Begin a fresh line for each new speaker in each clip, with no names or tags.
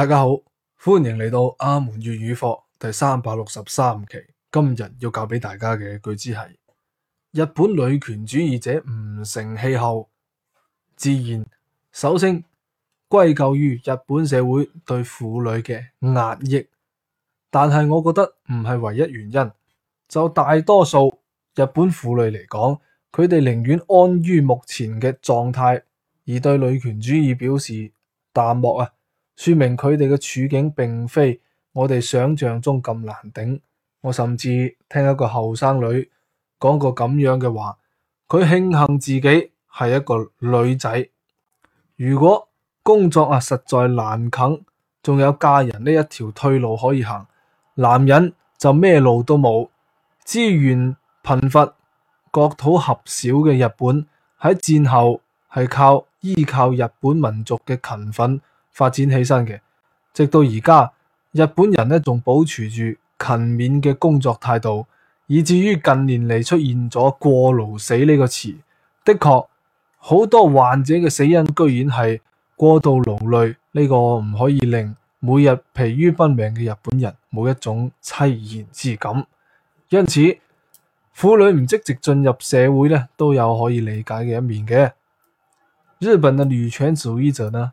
大家好，歡迎嚟到阿門粵語課第三百六十三期。今日要教俾大家嘅句子係：日本女權主義者唔成氣候，自然首先歸咎於日本社會對婦女嘅壓抑。但係我覺得唔係唯一原因。就大多數日本婦女嚟講，佢哋寧願安於目前嘅狀態，而對女權主義表示淡漠啊。說明佢哋嘅處境並非我哋想象中咁難頂。我甚至聽一個後生女講過咁樣嘅話：佢慶幸自己係一個女仔。如果工作啊實在難啃，仲有嫁人呢一條退路可以行。男人就咩路都冇。資源貧乏、國土狹小嘅日本喺戰後係靠依靠日本民族嘅勤奮。發展起身嘅，直到而家，日本人呢，仲保持住勤勉嘅工作態度，以至於近年嚟，出現咗過勞死呢個詞。的確，好多患者嘅死因居然係過度勞累，呢個唔可以令每日疲於奔命嘅日本人冇一種凄然之感。因此，婦女唔積極進入社會呢，都有可以理解嘅一面嘅。日本嘅女權主義者呢？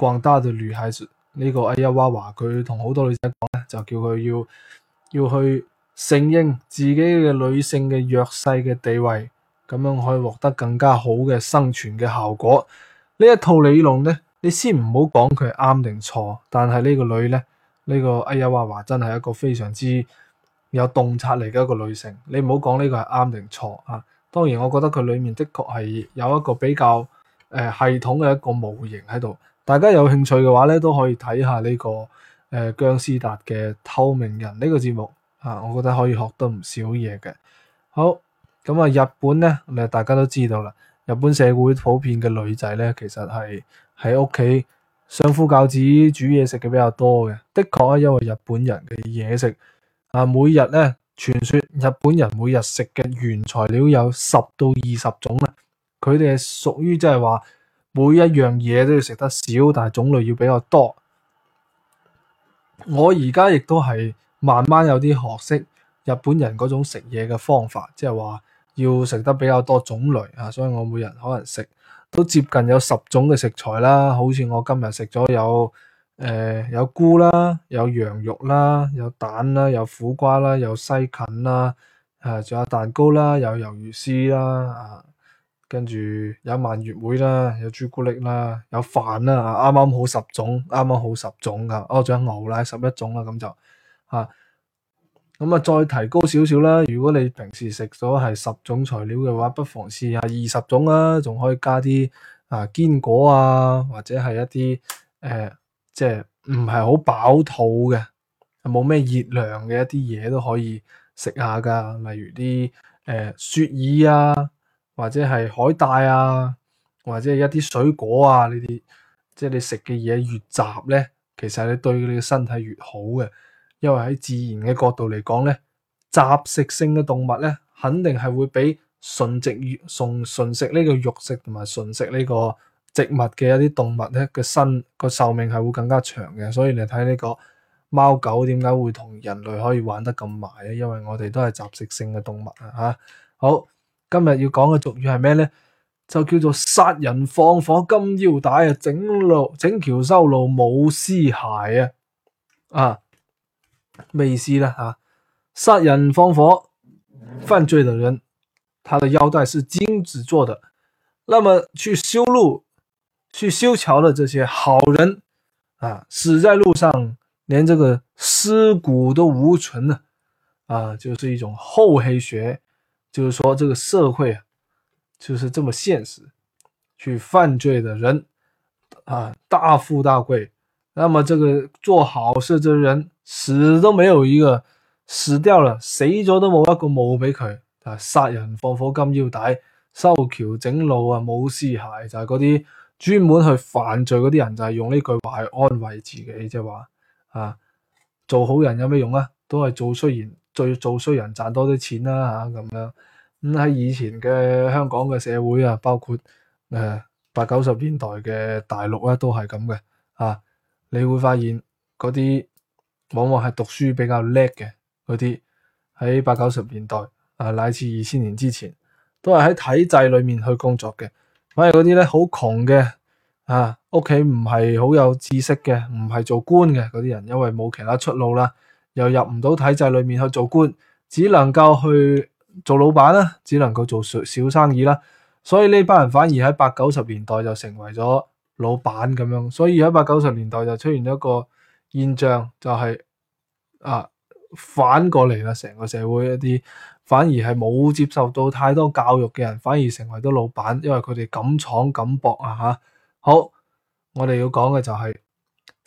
廣大嘅女孩呢、這個哎呀娃娃佢同好多女仔講咧，就叫佢要要去承應自己嘅女性嘅弱勢嘅地位，咁樣可以獲得更加好嘅生存嘅效果。呢一套理論咧，你先唔好講佢係啱定錯，但係呢個女咧，呢、這個哎呀娃娃真係一個非常之有洞察力嘅一個女性。你唔好講呢個係啱定錯啊！當然，我覺得佢裏面的確係有一個比較誒、呃、系統嘅一個模型喺度。大家有興趣嘅話咧，都可以睇下呢、這個誒、呃、姜思達嘅《透明人》呢、這個節目啊，我覺得可以學得唔少嘢嘅。好咁啊、嗯，日本咧，大家都知道啦，日本社會普遍嘅女仔咧，其實係喺屋企相夫教子煮嘢食嘅比較多嘅。的確啊，因為日本人嘅嘢食啊，每日咧傳說日本人每日食嘅原材料有十到二十種啦，佢哋係屬於即係話。每一樣嘢都要食得少，但係種類要比較多。我而家亦都係慢慢有啲學識日本人嗰種食嘢嘅方法，即係話要食得比較多種類啊。所以我每日可能食都接近有十種嘅食材啦。好似我今日食咗有誒、呃、有菇啦，有羊肉啦，有蛋啦，有苦瓜啦，有西芹啦，誒、啊、仲有蛋糕啦，有魷魚絲啦啊。跟住有蔓越莓啦，有朱古力啦，有飯啦，啱啱好十種，啱啱好十種噶，哦，仲有牛奶十一種啦，咁就吓，咁啊、嗯、再提高少少啦。如果你平時食咗係十種材料嘅話，不妨試下二十種啦，仲可以加啲啊堅果啊，或者係一啲誒、呃，即係唔係好飽肚嘅，冇咩熱量嘅一啲嘢都可以食下噶，例如啲誒、呃、雪耳啊。或者係海帶啊，或者係一啲水果啊呢啲，即係你食嘅嘢越雜咧，其實你對你嘅身體越好嘅，因為喺自然嘅角度嚟講咧，雜食性嘅動物咧，肯定係會比純植、純純食呢個肉食同埋純食呢個植物嘅一啲動物咧嘅身個壽命係會更加長嘅。所以你睇呢個貓狗點解會同人類可以玩得咁埋啊？因為我哋都係雜食性嘅動物啊！吓好。今日要講嘅俗語係咩呢？就叫做殺人放火金腰帶啊，整路整橋修路冇屍骸啊，啊，咩意思呢？吓，殺人放火犯罪的人，他的腰帶是金子做的，那麼去修路、去修橋的這些好人啊，死在路上，連這個屍骨都無存呢，啊，啊，就是一種厚黑學。就是說，這個社會就是這麼現實，去犯罪的人啊，大富大貴，那麼這個做好事之人，死都沒有一個死掉了，死咗都冇一個墓俾佢，啊，殺人放火，火金腰帶，修橋整路啊冇屍骸。就係嗰啲專門去犯罪嗰啲人，就係、是、用呢句話去安慰自己，即係話啊，做好人有咩用啊？都係做雖然。做衰人賺多啲錢啦吓咁樣，咁喺、嗯、以前嘅香港嘅社會啊，包括誒、呃、八九十年代嘅大陸啦，都係咁嘅啊。你會發現嗰啲往往係讀書比較叻嘅嗰啲，喺八九十年代啊，乃至二千年之前，都係喺體制裏面去工作嘅。反而嗰啲咧好窮嘅啊，屋企唔係好有知識嘅，唔係做官嘅嗰啲人，因為冇其他出路啦。又入唔到體制裏面去做官，只能夠去做老闆啦、啊，只能夠做小生意啦，所以呢班人反而喺八九十年代就成為咗老闆咁樣，所以喺八九十年代就出現一個現象、就是，就係啊反過嚟啦，成個社會一啲反而係冇接受到太多教育嘅人，反而成為咗老闆，因為佢哋敢闖敢搏啊吓。好，我哋要講嘅就係、是。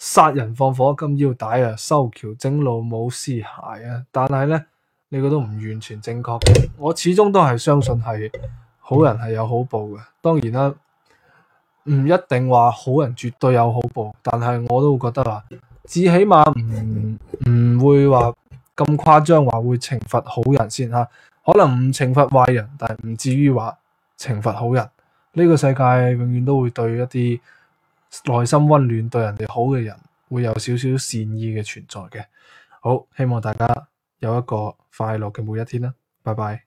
殺人放火金腰帶啊，修橋整路冇屍骸啊，但係呢，你覺得唔完全正確。我始終都係相信係好人係有好報嘅。當然啦，唔一定話好人絕對有好報，但係我都會覺得啊，至起碼唔唔會話咁誇張話會懲罰好人先吓。可能唔懲罰壞人，但係唔至於話懲罰好人。呢個世界永遠都會對一啲，內心溫暖、對人哋好嘅人，會有少少善意嘅存在嘅。好，希望大家有一個快樂嘅每一天啦，拜拜。